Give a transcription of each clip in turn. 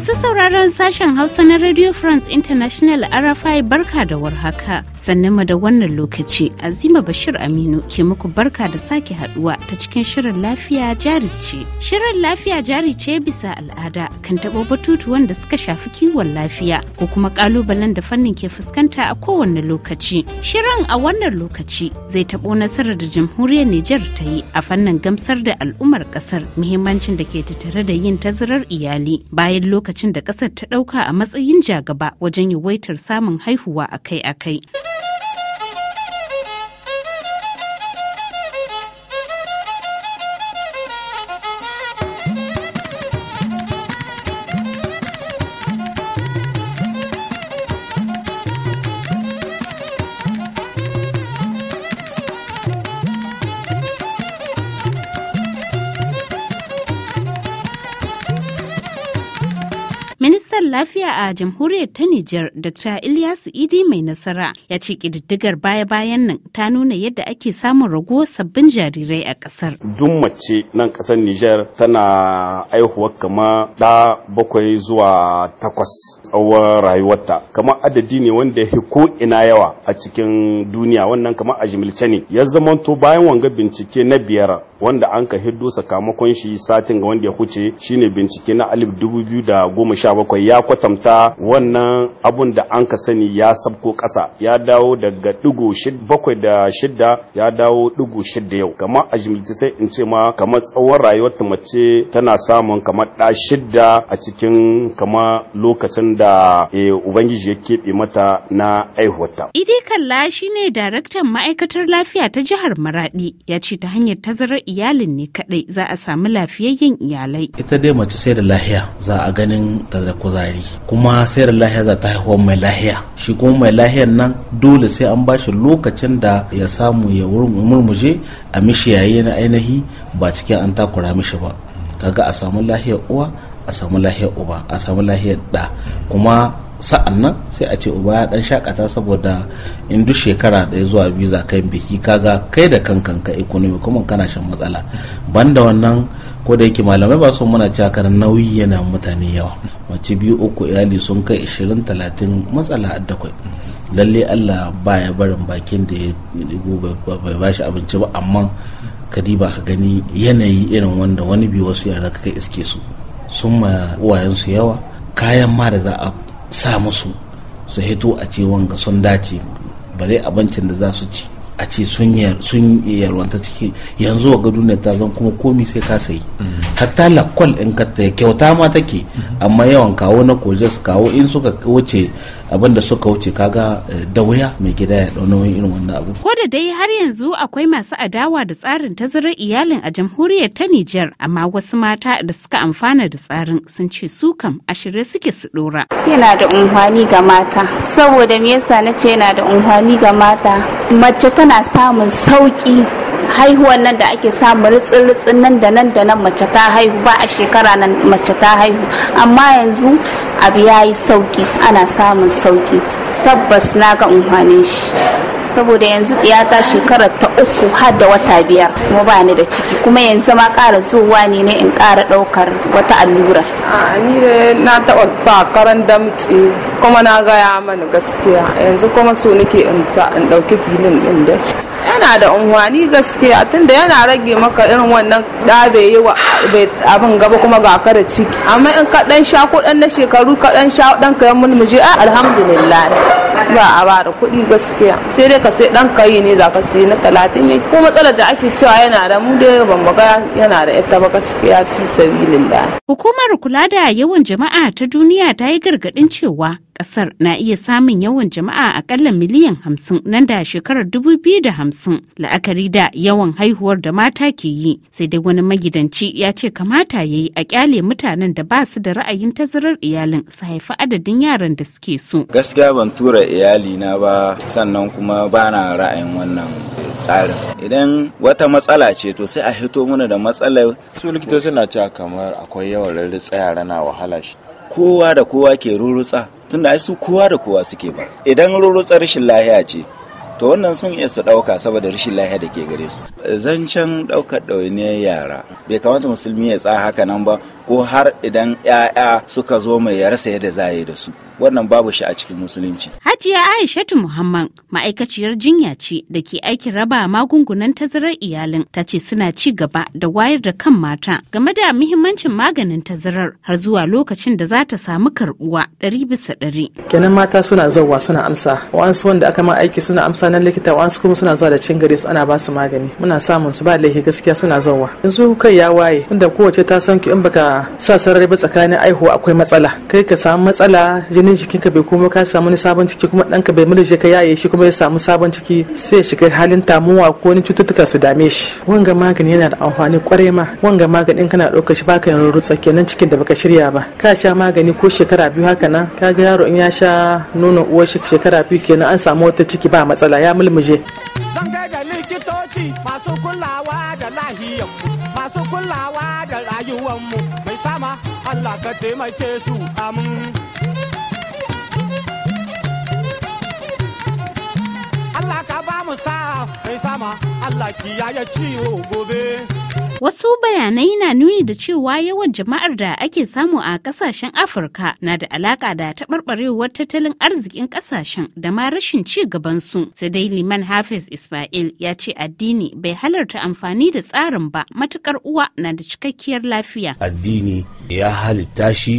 Asus sauraron sashen Hausa na Radio France International RFI barka da warhaka. Sannan mu da wannan lokaci Azima Bashir Aminu ke muku barka da sake haduwa ta cikin shirin lafiya jari ce. Shirin lafiya jari ce bisa al'ada kan taɓo batutu wanda suka shafi kiwon lafiya ko kuma ƙalubalen da fannin ke fuskanta a kowane lokaci. Shirin a wannan lokaci zai taɓo nasarar da jamhuriyar Nijar ta yi a fannin gamsar da al'ummar ƙasar muhimmancin da ke tattare da yin tazarar iyali bayan lokacin da kasar ƙasar ta ɗauka a matsayin jagaba wajen yawaitar samun haihuwa akai-akai. ministan lafiya a jamhuriyar ta Nijar Dr. Ilyasu Idi mai nasara ya ce ƙididdigar baya-bayan nan ta nuna yadda ake samun raguwar sabbin jarirai a kasar. Duk mace nan ƙasar Nijar tana haihuwa kama ɗa bakwai zuwa takwas tsawon rayuwarta. Kama adadi ne wanda ya ko ina yawa a cikin duniya wannan kama a jimilce ne. Ya zamanto bayan wanga bincike na biyar wanda an ka hiddo sakamakon shi satin ga wanda ya huce shine bincike na alif dubu biyu da goma sha bakwai ya kwatanta wannan abun da an ka sani ya sabko ƙasa ya dawo daga digo bakwai da shidda ya dawo digo shidda yau kamar a jimilci sai in ce ma kamar tsawon rayuwar ta mace tana samun kamar ɗa shidda a cikin kama lokacin da eh, ubangiji ya keɓe mata na aihuwata. Idi Kalla shi daraktan ma'aikatar lafiya ta jihar Maradi ya ce ta hanyar tazarar iyalin ne kaɗai za a samu lafiyayyen iyalai. Ita dai mace sai da lahiya za a ganin ta da kuzari kuma sai da lahiya za ta haihuwa mai lahiya shi kuma mai lahiyar nan dole sai an bashi lokacin da ya samu ya murmuje a mishi yayi na ainihi ba cikin an takura mishi ba kaga a samu lahiyar uwa a samu lahiyar uba a samu lahiyar da kuma sa'an nan sai a ce uba ya dan shakata saboda in duk shekara ɗaya zuwa biyu za kai biki kaga kai da kankan ka economy kuma kana shan matsala banda wannan ko da yake malamai ba su muna cewa nauyi yana mutane yawa mace biyu uku iyali sun kai 20 talatin matsala addakwai lalle allah ba ya barin bakin da ya bai bashi abinci ba amma ba ka gani yanayi irin wanda wani biyu wasu yara kai iske su sun ma uwayensu yawa kayan ma da za a sa musu su hito a ce wanga sun dace bare abincin da za su ci a ce sun yarwanta ciki yanzu wa ne ta zan kuma komi sai ka sayi hatta lakwal in ka kyauta ma take amma yawan kawo na kojes kawo in suka wuce abin da suka wuce kaga eh, da wuya mai gida ya ɗau nauyin irin wannan abu. Ko da dai har yanzu akwai masu adawa da tsarin tazarar iyalin a jamhuriyar ta Nijar amma wasu mata da suka amfana da tsarin sun ce su kam a shirye suke su ɗora. Yana da unhwani ga mata saboda me yasa na ce yana da unhwani ga mata mace tana samun sauki haihuwan nan da ake samu ritsin-ritsin nan da nan da nan mace ta haihu ba a shekara nan mace ta haihu amma yanzu abu ya yi sauki ana samun sauki tabbas na ga unhwanin shi saboda yanzu ya ta shekarar ta uku har da wata biyar kuma ba ni da ciki kuma yanzu ma ƙara zuwa ne na in kara ɗaukar wata allura. a ni ne na taɓa sa karan damtsi kuma na gaya mana gaskiya yanzu kuma so nake in ɗauki filin ɗin dai. yana da unhwani gaskiya tunda yana rage maka irin wannan da yi wa abin gaba kuma ga ka da ciki amma in ka sha ko ɗan na shekaru ka dan sha dan ka yammun mulmuje a alhamdulillah ba a ba da kuɗi gaskiya sai dai ka sai dan yi ne za ka sai na talatin ne ko matsalar da ake cewa yana da mu dai ban yana da ita ba gaskiya fi sabilillah hukumar kula da yawan jama'a ta duniya ta yi gargaɗin cewa kasar na iya samun yawan jama'a akalla miliyan hamsin nan da shekarar dubu biyu da hamsin la'akari da yawan haihuwar da mata ke yi sai dai wani magidanci ya ce kamata ya yi a kyale mutanen da ba su da ra'ayin tazarar iyalin su haifi adadin yaran da suke so gaskiya ban tura iyali na ba sannan kuma ba na ra'ayin wannan tsarin idan wata matsala ce to sai a hito mana da matsalar su likitoci na cewa kamar akwai yawan rarritsa yara na wahala shi kowa da kowa ke rurutsa tunda da su kowa da kowa suke ba idan rurutsa rashin lahiya ce to wannan sun iya su ɗauka saboda rashin lahiya da ke gare su zancen ɗaukar ɗawainiyar yara bai kamata musulmi ya tsaya haka nan ba ko har idan 'ya'ya suka zo mai ya rasa yadda za yi da su wannan babu shi a cikin musulunci. Hajiya Aishatu Muhammad ma'aikaciyar jinya ce da ke aikin raba magungunan tazarar iyalin ta ce suna ci gaba da wayar da kan mata game da muhimmancin maganin tazarar har zuwa lokacin da za ta samu karbuwa ɗari bisa ɗari. Kenan mata suna zauwa suna amsa wa'ansu wanda aka ma aiki suna amsa na likita wa'ansu kuma suna zuwa da cin gari su ana ba su magani muna samun su ba laifi gaskiya suna zauwa. Yanzu kai ya waye tunda kowace ta san ki in baka sa sarari ba tsakanin aihuwa akwai matsala kai ka samu matsala jini jikin ka bai koma ka samu wani sabon ciki kuma ɗanka bai murje ka yaye shi kuma ya samu sabon ciki sai shiga halin tamuwa ko wani cututtuka su dame shi wanga magani yana da amfani kwarai ma wanga maganin kana ɗaukar shi baka yin rutsa kenan cikin da baka shirya ba ka sha magani ko shekara biyu haka nan ka ga yaro in ya sha nonon uwar shi shekara biyu kenan an samu wata ciki ba matsala ya mulmuje. Zan da likitoci masu kulawa da kulawa da rayuwar mu mai sama Allah ka taimake su amin. Wasu bayanai na nuni da cewa yawan jama'ar da ake samu a kasashen Afirka na da alaka da taɓarɓarewar tattalin arzikin kasashen da ma rashin ci gabansu. Sai dai Liman Hafiz Ismail ya ce addini bai halarta amfani da tsarin ba matukar uwa na da cikakkiyar lafiya. Addini ya halitta shi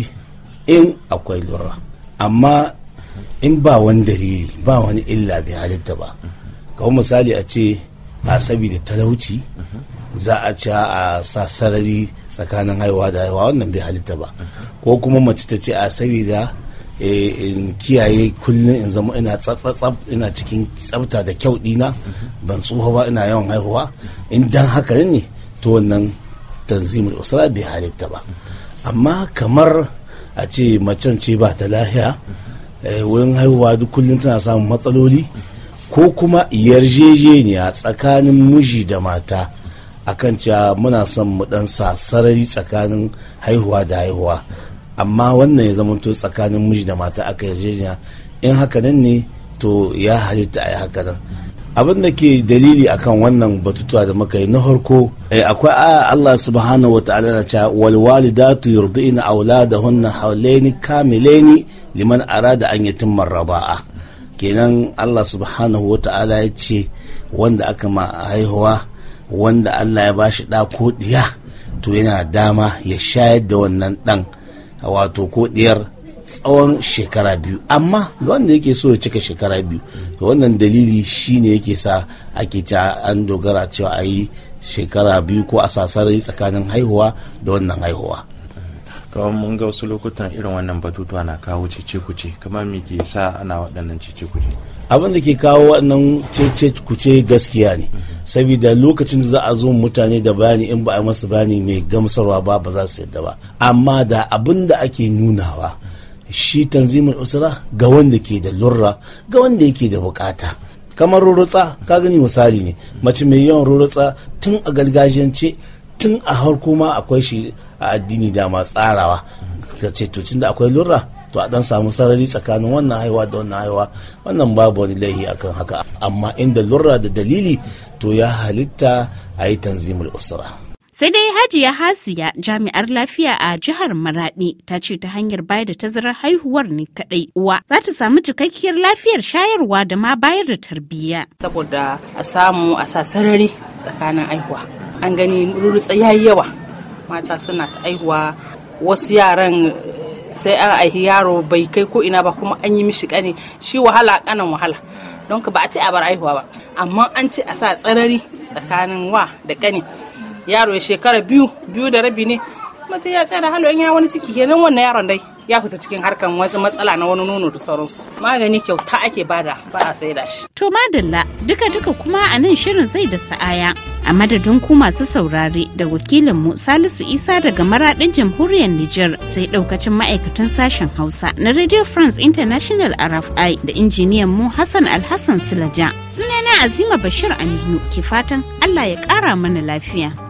in akwai lura. Amma in ba wani dalili ba wani illa bai halitta ba. kamar misali a ce a saboda talauci za a ci a sa sarari tsakanin haihuwa da haihuwa wannan bai halitta ba ko kuma mace ta ce a saboda eh, in kiyaye kullum in zama ina tsatsatsab ina cikin tsafta da kyau dina ban tsoho ba ina yawan haihuwa in dan haka ne to wannan tanzimul usra bai halitta ba amma kamar a ce macen ce ba ta lahiya eh, wurin haihuwa duk kullum tana samun matsaloli ko kuma yarjejeniya tsakanin miji da mata akan cewa muna son mu dan sa sarari tsakanin haihuwa da haihuwa amma wannan ya zama zamanto tsakanin miji da mata aka yarjejeniya in hakanan ne to ya halitta a yi nan abin da ke dalili akan wannan batutuwa da muka yi na farko eh, akwai aya Allah subhanahu wa ta'ala na cewa wal walidatu yurdina auladahunna hawlaini kamilaini liman arada an yatimma raba'a kenan Allah subhanahu wa ta'ala ya ce wanda aka ma haihuwa wanda Allah ya bashi ɗa ko ɗiya to yana dama ya shayar da wannan ɗan wato ko ɗiyar tsawon shekara biyu amma ga wanda yake so ya cika shekara biyu to wannan dalili shine yake sa ake ci an dogara cewa a yi shekara biyu ko a sasari tsakanin haihuwa da wannan haihuwa kawai mun ga wasu lokutan irin wannan batutuwa na kawo cece kuce kamar me ke sa ana waɗannan cece kuce abin da ke kawo waɗannan cece kuce gaskiya ne mhm. saboda lokacin da za a zo mutane da bayani in ba a masu bayani mai gamsarwa ba ba za su yadda ba amma da abin da ake nunawa shi tanzimin usra ga wanda ke da lura ga wanda yake da bukata kamar rurutsa ka gani misali ne mace mai yawan rurutsa tun a gargajiyance tun a har kuma akwai shi a addini dama tsarawa ka ce to da akwai lura to a dan samu sarari tsakanin wannan haihuwa da wannan haihuwa wannan babu wani laihi akan haka amma inda lura da dalili to ya halitta a yi tanzimul usra sai dai hajiya hasiya jami'ar lafiya a jihar maradi ta ce ta hanyar bayar da tazarar haihuwar ne kadai uwa za ta samu cikakkiyar lafiyar shayarwa da ma bayar da tarbiyya saboda a samu a sa sarari tsakanin haihuwa an gani rurutsa yayi yawa mata suna ta aihuwa wasu yaran eh, sai an aihi yaro bai kai ko ina ba kuma an yi mishi kane shi wahala kanan wahala don ka ba a ce a bar aihuwa ba amma an ce a sa tsarari tsakanin wa da kane yaro ya shekara biyu biyu da rabi ne mutum ya tsaya da halo ya wani ciki kenan wannan yaron dai ya fita cikin harkan wata matsala na wani nono da sauransu magani kyauta ake bada ba a sai da shi to madalla duka duka kuma a nan shirin zai da sa'aya a madadin ku masu saurare da wakilinmu salisu isa daga maradin jamhuriyar niger sai daukacin ma'aikatan sashen hausa na radio france international rfi da injiniyan mu hassan alhassan silaja sunana azima bashir aminu ke fatan allah ya kara mana lafiya